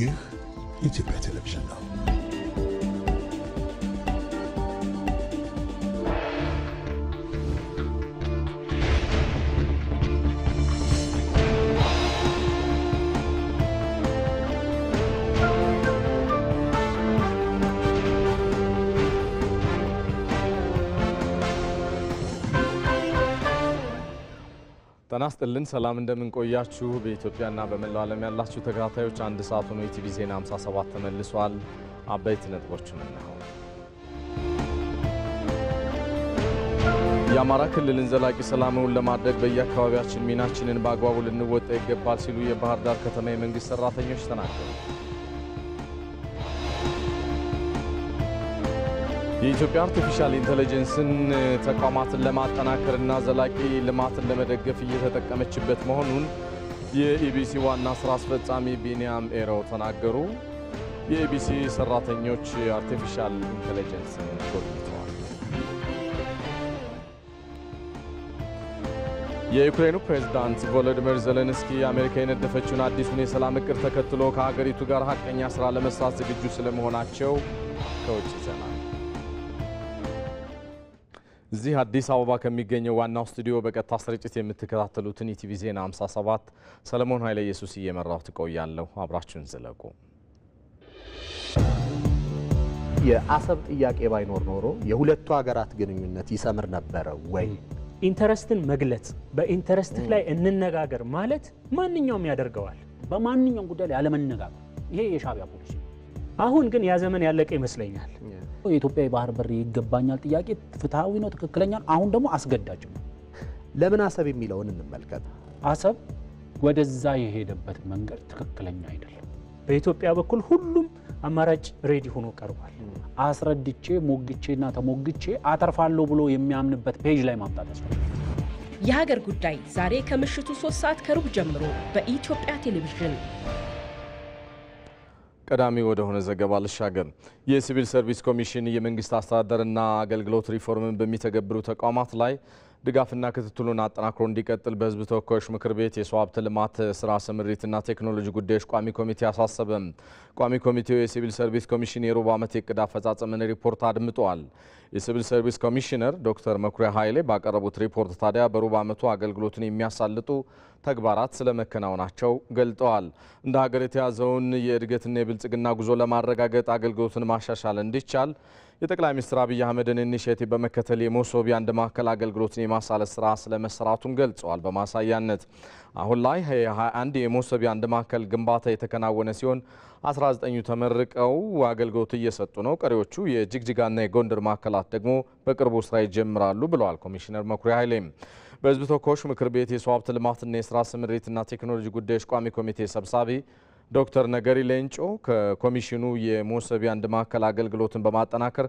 hier, il te perd télévision ጤና ይስጥልን ሰላም እንደምንቆያችሁ በኢትዮጵያና በመላው ዓለም ያላችሁ ተከታታዮች አንድ ሰዓት ሆኖ የቲቪ ዜና 57 ተመልሷል። አበይት ነጥቦችን እናው የአማራ ክልልን ዘላቂ ሰላምውን ለማድረግ በየአካባቢያችን ሚናችንን በአግባቡ ልንወጣ ይገባል ሲሉ የባህር ዳር ከተማ የመንግሥት ሠራተኞች ተናገሩ። የኢትዮጵያ አርቲፊሻል ኢንቴሊጀንስን ተቋማትን ለማጠናከርና ዘላቂ ልማትን ለመደገፍ እየተጠቀመችበት መሆኑን የኢቢሲ ዋና ስራ አስፈጻሚ ቢንያም ኤሮ ተናገሩ። የኢቢሲ ሰራተኞች አርቲፊሻል ኢንተለጀንስን ጎብኝተዋል። የዩክሬኑ ፕሬዝዳንት ቮሎዲሚር ዘለንስኪ አሜሪካ የነደፈችውን አዲሱን የሰላም እቅድ ተከትሎ ከሀገሪቱ ጋር ሀቀኛ ስራ ለመስራት ዝግጁ ስለመሆናቸው ከውጭ ዘና እዚህ አዲስ አበባ ከሚገኘው ዋናው ስቱዲዮ በቀጥታ ስርጭት የምትከታተሉትን ኢቲቪ ዜና 57 ሰለሞን ኃይለ ኢየሱስ እየመራው ትቆያለሁ። አብራችሁን ዝለቁ። የአሰብ ጥያቄ ባይኖር ኖሮ የሁለቱ ሀገራት ግንኙነት ይሰምር ነበረ ወይ? ኢንተረስትን መግለጽ፣ በኢንተረስትህ ላይ እንነጋገር ማለት ማንኛውም ያደርገዋል። በማንኛውም ጉዳይ ላይ ያለመነጋገር፣ ይሄ የሻዕቢያ ፖሊሲ። አሁን ግን ያ ዘመን ያለቀ ይመስለኛል። የኢትዮጵያ የባህር በር ይገባኛል ጥያቄ ፍትሐዊ ነው፣ ትክክለኛ ነው። አሁን ደግሞ አስገዳጅ ነው። ለምን አሰብ የሚለውን እንመልከት። አሰብ ወደዛ የሄደበት መንገድ ትክክለኛ አይደለም። በኢትዮጵያ በኩል ሁሉም አማራጭ ሬዲ ሆኖ ቀርቧል። አስረድቼ ሞግቼና ተሞግቼ አተርፋለሁ ብሎ የሚያምንበት ፔጅ ላይ ማምጣት ያስፈልጋል። የሀገር ጉዳይ ዛሬ ከምሽቱ ሶስት ሰዓት ከሩብ ጀምሮ በኢትዮጵያ ቴሌቪዥን ቀዳሚ ወደሆነ ዘገባ ልሻገር። የሲቪል ሰርቪስ ኮሚሽን የመንግስት አስተዳደርና አገልግሎት ሪፎርምን በሚተገብሩ ተቋማት ላይ ድጋፍና ክትትሉን አጠናክሮ እንዲቀጥል በህዝብ ተወካዮች ምክር ቤት የሰው ሀብት ልማት ስራ ስምሪትና ቴክኖሎጂ ጉዳዮች ቋሚ ኮሚቴ አሳሰበ። ቋሚ ኮሚቴው የሲቪል ሰርቪስ ኮሚሽን የሩብ ዓመት የእቅድ አፈጻጸምን ሪፖርት አድምጠዋል። የሲቪል ሰርቪስ ኮሚሽነር ዶክተር መኩሪያ ኃይሌ ባቀረቡት ሪፖርት ታዲያ በሩብ ዓመቱ አገልግሎቱን የሚያሳልጡ ተግባራት ስለመከናወናቸው ገልጠዋል። እንደ ሀገር የተያዘውን የእድገትና የብልጽግና ጉዞ ለማረጋገጥ አገልግሎትን ማሻሻል እንዲቻል የጠቅላይ ሚኒስትር አብይ አህመድን ኢኒሼቲቭ በመከተል የመሶብ የአንድ ማዕከል አገልግሎትን የማሳለጥ ስራ ስለመሰራቱም ገልጸዋል። በማሳያነት አሁን ላይ 21 የሞሶብ የአንድ ማዕከል ግንባታ የተከናወነ ሲሆን 19ኙ ተመርቀው አገልግሎት እየሰጡ ነው። ቀሪዎቹ የጅግጅጋና የጎንደር ማዕከላት ደግሞ በቅርቡ ስራ ይጀምራሉ ብለዋል ኮሚሽነር መኩሪያ ኃይሌም። በህዝብ ተወካዮች ምክር ቤት የሰው ሀብት ልማትና የስራ ስምሪትና ቴክኖሎጂ ጉዳዮች ቋሚ ኮሚቴ ሰብሳቢ ዶክተር ነገሪ ሌንጮ ከኮሚሽኑ የመሰቢ አንድ ማዕከል አገልግሎትን በማጠናከር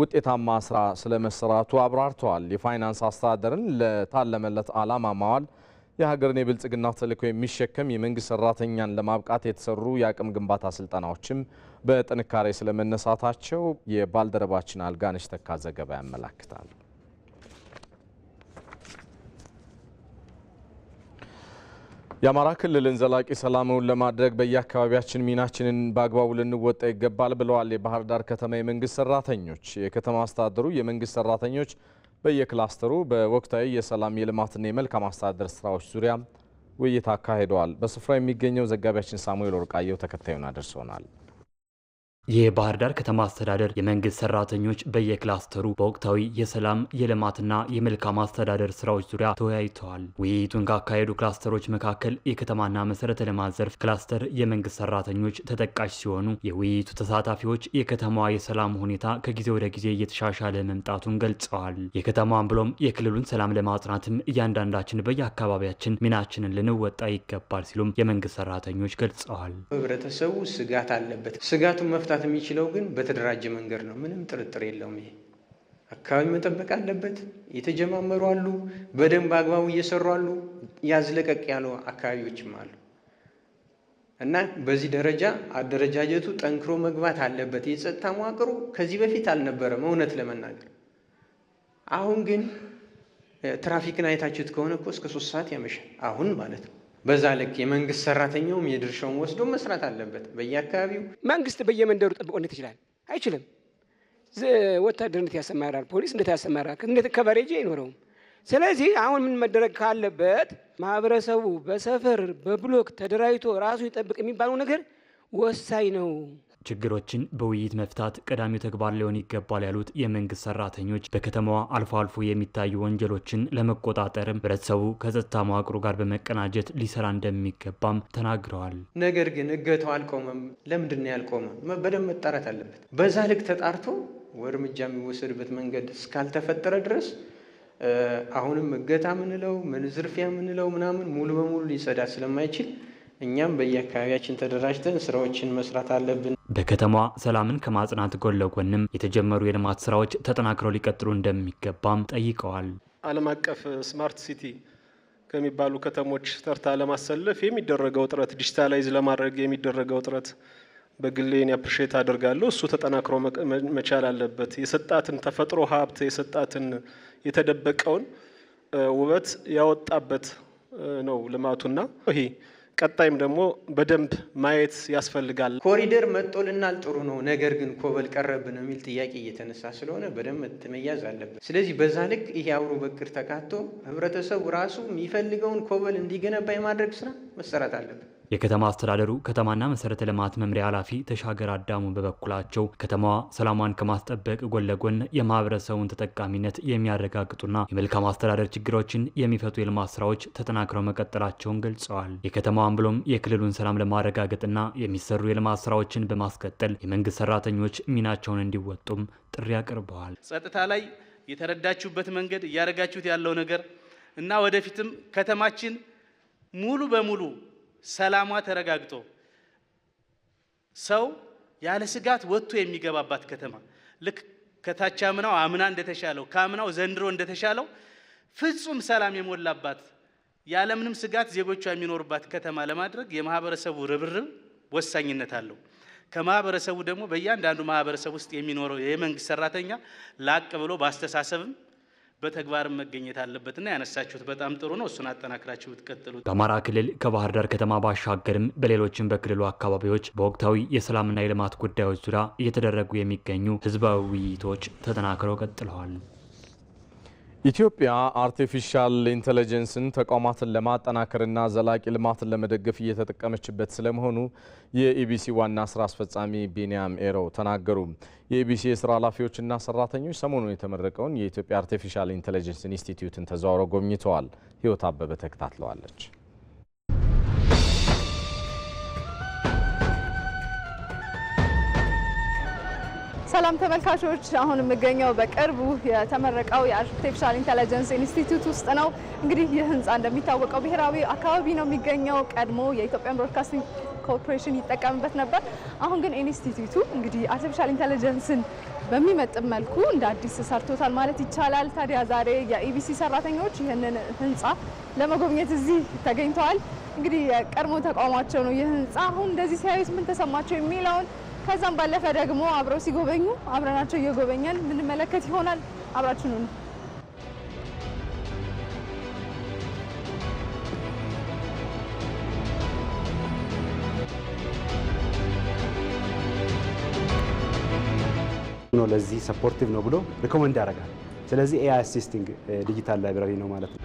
ውጤታማ ስራ ስለመሰራቱ አብራርተዋል። የፋይናንስ አስተዳደርን ለታለመለት ዓላማ ማዋል የሀገርን የብልጽግና ተልዕኮ የሚሸከም የመንግስት ሰራተኛን ለማብቃት የተሰሩ የአቅም ግንባታ ስልጠናዎችም በጥንካሬ ስለመነሳታቸው የባልደረባችን አልጋነሽ ተካ ዘገባ ያመላክታል። የአማራ ክልልን ዘላቂ ሰላምውን ለማድረግ በየአካባቢያችን ሚናችንን በአግባቡ ልንወጣ ይገባል ብለዋል የባህር ዳር ከተማ የመንግስት ሰራተኞች። የከተማ አስተዳደሩ የመንግስት ሰራተኞች በየክላስተሩ በወቅታዊ የሰላም የልማትና የመልካም አስተዳደር ስራዎች ዙሪያ ውይይት አካሂደዋል። በስፍራው የሚገኘው ዘጋቢያችን ሳሙኤል ወርቃየው ተከታዩን አድርሶናል። የባህር ዳር ከተማ አስተዳደር የመንግስት ሰራተኞች በየክላስተሩ በወቅታዊ የሰላም የልማትና የመልካም አስተዳደር ስራዎች ዙሪያ ተወያይተዋል። ውይይቱን ካካሄዱ ክላስተሮች መካከል የከተማና መሰረተ ልማት ዘርፍ ክላስተር የመንግስት ሰራተኞች ተጠቃሽ ሲሆኑ የውይይቱ ተሳታፊዎች የከተማዋ የሰላም ሁኔታ ከጊዜ ወደ ጊዜ እየተሻሻለ መምጣቱን ገልጸዋል። የከተማዋን ብሎም የክልሉን ሰላም ለማጽናትም እያንዳንዳችን በየአካባቢያችን ሚናችንን ልንወጣ ይገባል ሲሉም የመንግስት ሰራተኞች ገልጸዋል። ህብረተሰቡ ስጋት አለበት። ስጋቱ መፍታት መፍታት የሚችለው ግን በተደራጀ መንገድ ነው። ምንም ጥርጥር የለውም። ይሄ አካባቢ መጠበቅ አለበት። የተጀማመሩ አሉ፣ በደንብ አግባቡ እየሰሩ አሉ። ያዝለቀቅ ያሉ አካባቢዎችም አሉ እና በዚህ ደረጃ አደረጃጀቱ ጠንክሮ መግባት አለበት። የጸጥታ መዋቅሩ ከዚህ በፊት አልነበረም፣ እውነት ለመናገር አሁን ግን ትራፊክን አይታችሁት ከሆነ እኮ እስከ ሶስት ሰዓት ያመሻል አሁን ማለት ነው። በዛ ልክ የመንግስት ሰራተኛውም የድርሻውን ወስዶ መስራት አለበት። በየአካባቢው መንግስት በየመንደሩ ጠብቆ ይችላል? አይችልም። ወታደር ያሰማራል? ፖሊስ እንደት ያሰማራል? እንዴት ከበሬጅ አይኖረውም። ስለዚህ አሁን ምን መደረግ ካለበት ማህበረሰቡ በሰፈር በብሎክ ተደራጅቶ ራሱ ይጠብቅ የሚባለው ነገር ወሳኝ ነው። ችግሮችን በውይይት መፍታት ቀዳሚው ተግባር ሊሆን ይገባል ያሉት የመንግስት ሰራተኞች በከተማዋ አልፎ አልፎ የሚታዩ ወንጀሎችን ለመቆጣጠርም ህብረተሰቡ ከጸጥታ መዋቅሩ ጋር በመቀናጀት ሊሰራ እንደሚገባም ተናግረዋል። ነገር ግን እገተው አልቆመም። ለምንድን ያልቆመም? በደንብ መጣራት አለበት። በዛ ልክ ተጣርቶ እርምጃ የሚወሰድበት መንገድ እስካልተፈጠረ ድረስ አሁንም እገታ ምንለው ምን ዝርፊያ ምንለው ምናምን ሙሉ በሙሉ ሊሰዳ ስለማይችል እኛም በየአካባቢያችን ተደራጅተን ስራዎችን መስራት አለብን። በከተማዋ ሰላምን ከማጽናት ጎን ለጎንም የተጀመሩ የልማት ስራዎች ተጠናክረው ሊቀጥሉ እንደሚገባም ጠይቀዋል። ዓለም አቀፍ ስማርት ሲቲ ከሚባሉ ከተሞች ተርታ ለማሰለፍ የሚደረገው ጥረት ዲጂታላይዝ ለማድረግ የሚደረገው ጥረት በግሌን አፕሪሼት አደርጋለሁ። እሱ ተጠናክሮ መቻል አለበት። የሰጣትን ተፈጥሮ ሀብት የሰጣትን የተደበቀውን ውበት ያወጣበት ነው ልማቱና ይሄ ቀጣይም ደግሞ በደንብ ማየት ያስፈልጋል። ኮሪደር መጦልናል ጥሩ ነው፣ ነገር ግን ኮበል ቀረብን የሚል ጥያቄ እየተነሳ ስለሆነ በደንብ መያዝ አለበት። ስለዚህ በዛ ልክ ይሄ አብሮ በቅር ተካቶ ህብረተሰቡ ራሱ የሚፈልገውን ኮበል እንዲገነባ የማድረግ ስራ መሰራት አለበት። የከተማ አስተዳደሩ ከተማና መሰረተ ልማት መምሪያ ኃላፊ ተሻገር አዳሙ በበኩላቸው ከተማዋ ሰላሟን ከማስጠበቅ ጎን ለጎን የማህበረሰቡን ተጠቃሚነት የሚያረጋግጡና የመልካም አስተዳደር ችግሮችን የሚፈቱ የልማት ስራዎች ተጠናክረው መቀጠላቸውን ገልጸዋል። የከተማዋን ብሎም የክልሉን ሰላም ለማረጋገጥና የሚሰሩ የልማት ስራዎችን በማስቀጠል የመንግስት ሰራተኞች ሚናቸውን እንዲወጡም ጥሪ አቅርበዋል። ጸጥታ ላይ የተረዳችሁበት መንገድ እያደረጋችሁት ያለው ነገር እና ወደፊትም ከተማችን ሙሉ በሙሉ ሰላሟ ተረጋግጦ ሰው ያለ ስጋት ወጥቶ የሚገባባት ከተማ ልክ ከታች አምናው አምና እንደተሻለው ከአምናው ዘንድሮ እንደተሻለው ፍጹም ሰላም የሞላባት ያለምንም ስጋት ዜጎቿ የሚኖሩባት ከተማ ለማድረግ የማህበረሰቡ ርብርብ ወሳኝነት አለው። ከማህበረሰቡ ደግሞ በእያንዳንዱ ማህበረሰብ ውስጥ የሚኖረው የመንግስት ሰራተኛ ላቅ ብሎ በአስተሳሰብም በተግባር መገኘት አለበትና ያነሳችሁት በጣም ጥሩ ነው። እሱን አጠናክራችሁ ብትቀጥሉ። በአማራ ክልል ከባህር ዳር ከተማ ባሻገርም በሌሎችም በክልሉ አካባቢዎች በወቅታዊ የሰላምና የልማት ጉዳዮች ዙሪያ እየተደረጉ የሚገኙ ህዝባዊ ውይይቶች ተጠናክረው ቀጥለዋል። ኢትዮጵያ አርቲፊሻል ኢንተለጀንስን ተቋማትን ለማጠናከርና ዘላቂ ልማትን ለመደገፍ እየተጠቀመችበት ስለመሆኑ የኢቢሲ ዋና ስራ አስፈጻሚ ቢንያም ኤሮ ተናገሩ። የኢቢሲ የስራ ኃላፊዎችና ሰራተኞች ሰሞኑን የተመረቀውን የኢትዮጵያ አርቲፊሻል ኢንተለጀንስ ኢንስቲትዩትን ተዘዋውረው ጎብኝተዋል። ህይወት አበበ ተከታትለዋለች። ሰላም ተመልካቾች፣ አሁን የምገኘው በቅርቡ የተመረቀው የአርቲፊሻል ኢንተለጀንስ ኢንስቲትዩት ውስጥ ነው። እንግዲህ ይህ ህንፃ እንደሚታወቀው ብሔራዊ አካባቢ ነው የሚገኘው። ቀድሞ የኢትዮጵያን ብሮድካስቲንግ ኮርፖሬሽን ይጠቀምበት ነበር። አሁን ግን ኢንስቲትዩቱ እንግዲህ አርቲፊሻል ኢንተለጀንስን በሚመጥን መልኩ እንደ አዲስ ሰርቶታል ማለት ይቻላል። ታዲያ ዛሬ የኢቢሲ ሰራተኞች ይህንን ህንፃ ለመጎብኘት እዚህ ተገኝተዋል። እንግዲህ የቀድሞ ተቋማቸው ነው ይህ ህንፃ። አሁን እንደዚህ ሲያዩት ምን ተሰማቸው የሚለውን ከዛም ባለፈ ደግሞ አብረው ሲጎበኙ አብረናቸው እየጎበኘን ምንመለከት ይሆናል። አብራችሁኑ ነው። ነው ለዚህ ሰፖርቲቭ ነው ብሎ ሪኮመንድ ያደርጋል። ስለዚህ ኤአይ አሲስቲንግ ዲጂታል ላይብራሪ ነው ማለት ነው።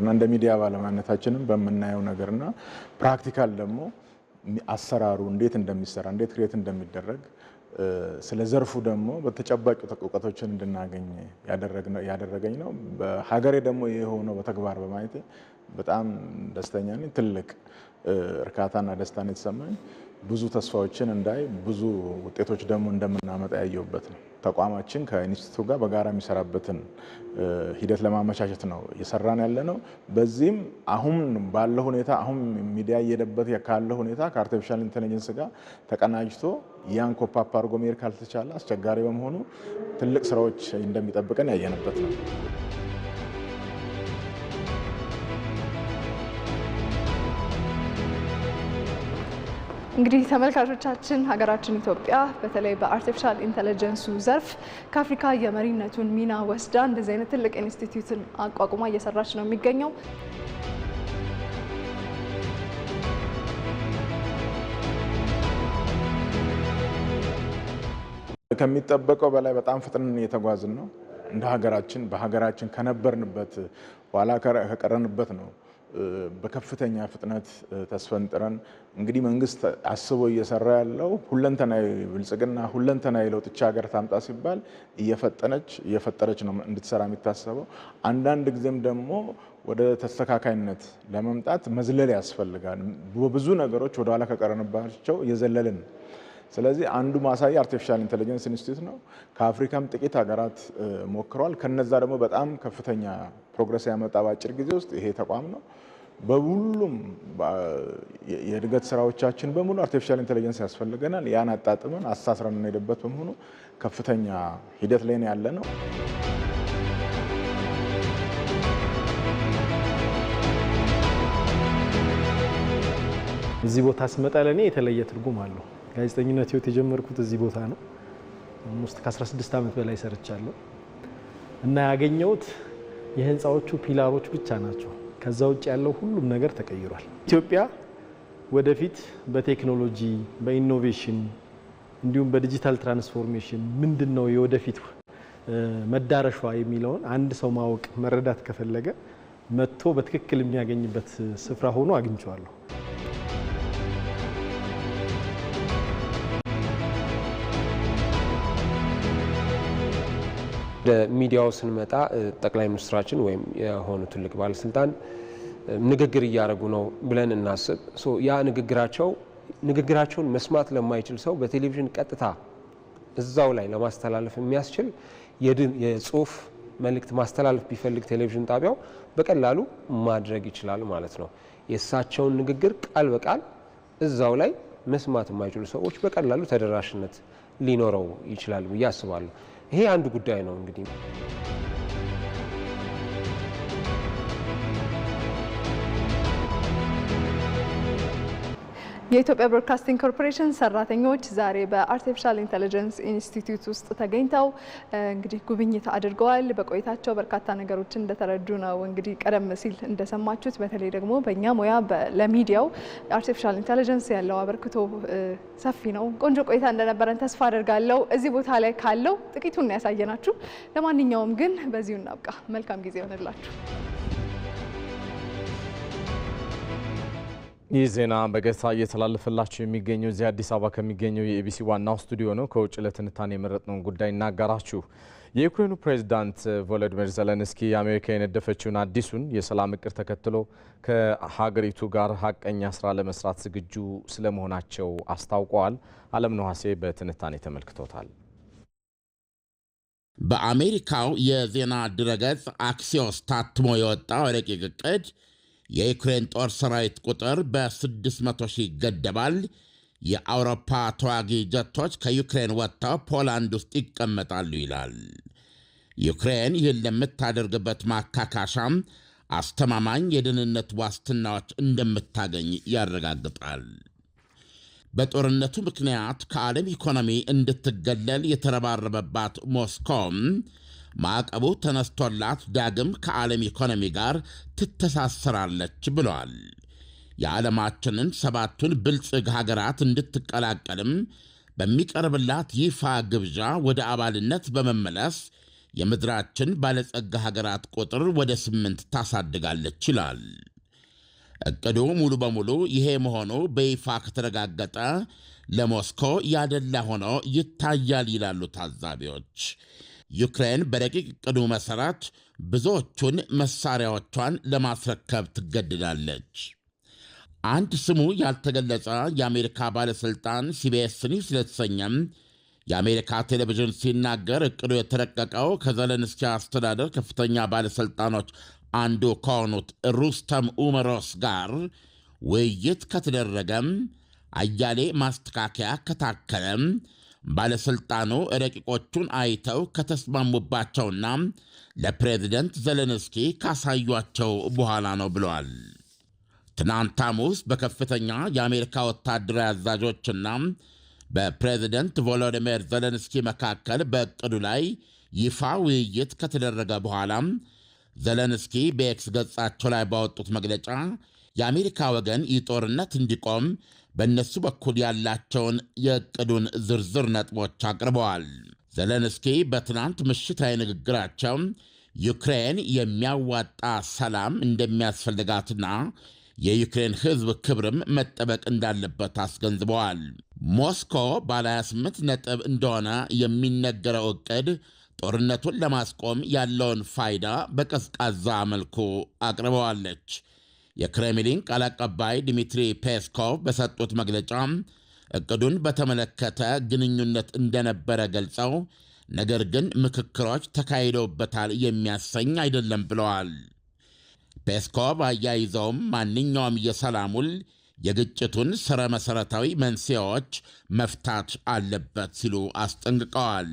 እና እንደ ሚዲያ ባለማነታችንም በምናየው ነገርና ፕራክቲካል ደግሞ አሰራሩ እንዴት እንደሚሰራ እንዴት ክሬት እንደሚደረግ ስለ ዘርፉ ደግሞ በተጨባጭ እውቀቶችን እንድናገኝ ያደረገኝ ነው። በሀገሬ ደግሞ የሆነው በተግባር በማየቴ በጣም ደስተኛ ነኝ። ትልቅ እርካታና ደስታን የተሰማኝ ብዙ ተስፋዎችን እንዳይ ብዙ ውጤቶች ደግሞ እንደምናመጣ ያየሁበት ነው። ተቋማችን ከኢንስቲትዩቱ ጋር በጋራ የሚሰራበትን ሂደት ለማመቻቸት ነው እየሰራን ያለ ነው። በዚህም አሁን ባለው ሁኔታ አሁን ሚዲያ እየሄደበት ካለ ሁኔታ ከአርቲፊሻል ኢንቴሊጀንስ ጋር ተቀናጅቶ ያን ኮፓፕ አድርጎ መሄድ ካልተቻለ አስቸጋሪ በመሆኑ ትልቅ ስራዎች እንደሚጠብቀን ያየንበት ነው። እንግዲህ ተመልካቾቻችን ሀገራችን ኢትዮጵያ በተለይ በአርቲፊሻል ኢንተለጀንሱ ዘርፍ ከአፍሪካ የመሪነቱን ሚና ወስዳ እንደዚህ አይነት ትልቅ ኢንስቲትዩትን አቋቁማ እየሰራች ነው የሚገኘው። ከሚጠበቀው በላይ በጣም ፍጥነን እየተጓዝን ነው። እንደ ሀገራችን በሀገራችን ከነበርንበት ኋላ ከቀረንበት ነው በከፍተኛ ፍጥነት ተስፈንጥረን እንግዲህ መንግስት አስቦ እየሰራ ያለው ሁለንተናዊ ብልጽግና ሁለንተናዊ ለውጥ ይህች ሀገር ታምጣ ሲባል እየፈጠነች እየፈጠረች ነው እንድትሰራ የሚታሰበው። አንዳንድ ጊዜም ደግሞ ወደ ተስተካካይነት ለመምጣት መዝለል ያስፈልጋል። በብዙ ነገሮች ወደኋላ ከቀረንባቸው እየዘለልን ስለዚህ አንዱ ማሳያ አርቲፊሻል ኢንቴሊጀንስ ኢንስቲትዩት ነው። ከአፍሪካም ጥቂት ሀገራት ሞክረዋል። ከነዛ ደግሞ በጣም ከፍተኛ ፕሮግረስ ያመጣ በአጭር ጊዜ ውስጥ ይሄ ተቋም ነው። በሁሉም የእድገት ስራዎቻችን በሙሉ አርቲፊሻል ኢንቴሊጀንስ ያስፈልገናል። ያን አጣጥመን አሳስረን እንሄድበት በመሆኑ ከፍተኛ ሂደት ላይ ነው ያለ ነው። እዚህ ቦታ ስመጣ ለእኔ የተለየ ትርጉም አለው። ጋዜጠኝነት ህይወት የጀመርኩት እዚህ ቦታ ነው። ውስጥ ከ16 ዓመት በላይ ሰርቻለሁ እና ያገኘሁት የህንፃዎቹ ፒላሮች ብቻ ናቸው። ከዛ ውጭ ያለው ሁሉም ነገር ተቀይሯል። ኢትዮጵያ ወደፊት በቴክኖሎጂ በኢኖቬሽን እንዲሁም በዲጂታል ትራንስፎርሜሽን ምንድን ነው የወደፊት መዳረሿ የሚለውን አንድ ሰው ማወቅ መረዳት ከፈለገ መጥቶ በትክክል የሚያገኝበት ስፍራ ሆኖ አግኝቼዋለሁ። ወደ ሚዲያው ስንመጣ ጠቅላይ ሚኒስትራችን ወይም የሆኑ ትልቅ ባለስልጣን ንግግር እያደረጉ ነው ብለን እናስብ። ያ ንግግራቸው ንግግራቸውን መስማት ለማይችል ሰው በቴሌቪዥን ቀጥታ እዛው ላይ ለማስተላለፍ የሚያስችል የጽሁፍ መልእክት ማስተላለፍ ቢፈልግ ቴሌቪዥን ጣቢያው በቀላሉ ማድረግ ይችላል ማለት ነው። የእሳቸውን ንግግር ቃል በቃል እዛው ላይ መስማት የማይችሉ ሰዎች በቀላሉ ተደራሽነት ሊኖረው ይችላል ብዬ አስባለሁ። ይሄ አንድ ጉዳይ ነው እንግዲህ የኢትዮጵያ ብሮድካስቲንግ ኮርፖሬሽን ሰራተኞች ዛሬ በአርቲፊሻል ኢንቴሊጀንስ ኢንስቲትዩት ውስጥ ተገኝተው እንግዲህ ጉብኝት አድርገዋል። በቆይታቸው በርካታ ነገሮችን እንደተረዱ ነው እንግዲህ ቀደም ሲል እንደሰማችሁት። በተለይ ደግሞ በእኛ ሙያ ለሚዲያው አርቲፊሻል ኢንቴሊጀንስ ያለው አበርክቶ ሰፊ ነው። ቆንጆ ቆይታ እንደነበረን ተስፋ አድርጋለሁ። እዚህ ቦታ ላይ ካለው ጥቂቱን ያሳየናችሁ። ለማንኛውም ግን በዚሁ እናብቃ። መልካም ጊዜ ይሆንላችሁ። ይህ ዜና በቀጥታ እየተላለፈላችሁ የሚገኘው እዚህ አዲስ አበባ ከሚገኘው የኢቢሲ ዋናው ስቱዲዮ ነው። ከውጭ ለትንታኔ የመረጥነውን ጉዳይ እናጋራችሁ። የዩክሬኑ ፕሬዚዳንት ቮሎዲሚር ዘለንስኪ የአሜሪካ የነደፈችውን አዲሱን የሰላም እቅድ ተከትሎ ከሀገሪቱ ጋር ሀቀኛ ስራ ለመስራት ዝግጁ ስለመሆናቸው አስታውቀዋል። አለም ነሐሴ በትንታኔ ተመልክቶታል። በአሜሪካው የዜና ድረገጽ አክሲዮስ ታትሞ የወጣው ረቂቅ እቅድ የዩክሬን ጦር ሰራዊት ቁጥር በ600 ሺህ ይገደባል። የአውሮፓ ተዋጊ ጀቶች ከዩክሬን ወጥተው ፖላንድ ውስጥ ይቀመጣሉ ይላል። ዩክሬን ይህን ለምታደርግበት ማካካሻም አስተማማኝ የደህንነት ዋስትናዎች እንደምታገኝ ያረጋግጣል። በጦርነቱ ምክንያት ከዓለም ኢኮኖሚ እንድትገለል የተረባረበባት ሞስኮም ማዕቀቡ ተነስቶላት ዳግም ከዓለም ኢኮኖሚ ጋር ትተሳሰራለች ብለዋል። የዓለማችንን ሰባቱን ብልጽግ ሀገራት እንድትቀላቀልም በሚቀርብላት ይፋ ግብዣ ወደ አባልነት በመመለስ የምድራችን ባለጸጋ ሀገራት ቁጥር ወደ ስምንት ታሳድጋለች ይላል እቅዱ። ሙሉ በሙሉ ይሄ መሆኑ በይፋ ከተረጋገጠ ለሞስኮ ያደላ ሆኖ ይታያል ይላሉ ታዛቢዎች። ዩክሬን በረቂቅ እቅዱ መሠረት ብዙዎቹን መሳሪያዎቿን ለማስረከብ ትገድዳለች። አንድ ስሙ ያልተገለጸ የአሜሪካ ባለሥልጣን ሲቢኤስ ኒውስ ለተሰኘም የአሜሪካ ቴሌቪዥን ሲናገር እቅዱ የተረቀቀው ከዘለንስኪ አስተዳደር ከፍተኛ ባለሥልጣኖች አንዱ ከሆኑት ሩስተም ኡመሮስ ጋር ውይይት ከተደረገም አያሌ ማስተካከያ ከታከለም ባለሥልጣኑ ረቂቆቹን አይተው ከተስማሙባቸውና ለፕሬዚደንት ዘለንስኪ ካሳዩቸው በኋላ ነው ብለዋል። ትናንት ሐሙስ በከፍተኛ የአሜሪካ ወታደራዊ አዛዦችና በፕሬዚደንት ቮሎዲሚር ዘለንስኪ መካከል በእቅዱ ላይ ይፋ ውይይት ከተደረገ በኋላ ዘለንስኪ በኤክስ ገጻቸው ላይ ባወጡት መግለጫ የአሜሪካ ወገን ይህ ጦርነት እንዲቆም በእነሱ በኩል ያላቸውን የእቅዱን ዝርዝር ነጥቦች አቅርበዋል። ዘለንስኪ በትናንት ምሽታዊ ንግግራቸው ዩክሬን የሚያዋጣ ሰላም እንደሚያስፈልጋትና የዩክሬን ሕዝብ ክብርም መጠበቅ እንዳለበት አስገንዝበዋል። ሞስኮ ባለ 28 ነጥብ እንደሆነ የሚነገረው ዕቅድ ጦርነቱን ለማስቆም ያለውን ፋይዳ በቀዝቃዛ መልኩ አቅርበዋለች። የክሬምሊን ቃል አቀባይ ዲሚትሪ ፔስኮቭ በሰጡት መግለጫ እቅዱን በተመለከተ ግንኙነት እንደነበረ ገልጸው ነገር ግን ምክክሮች ተካሂደውበታል የሚያሰኝ አይደለም ብለዋል። ፔስኮቭ አያይዘውም ማንኛውም የሰላሙል የግጭቱን ሥረ መሠረታዊ መንስኤዎች መፍታት አለበት ሲሉ አስጠንቅቀዋል።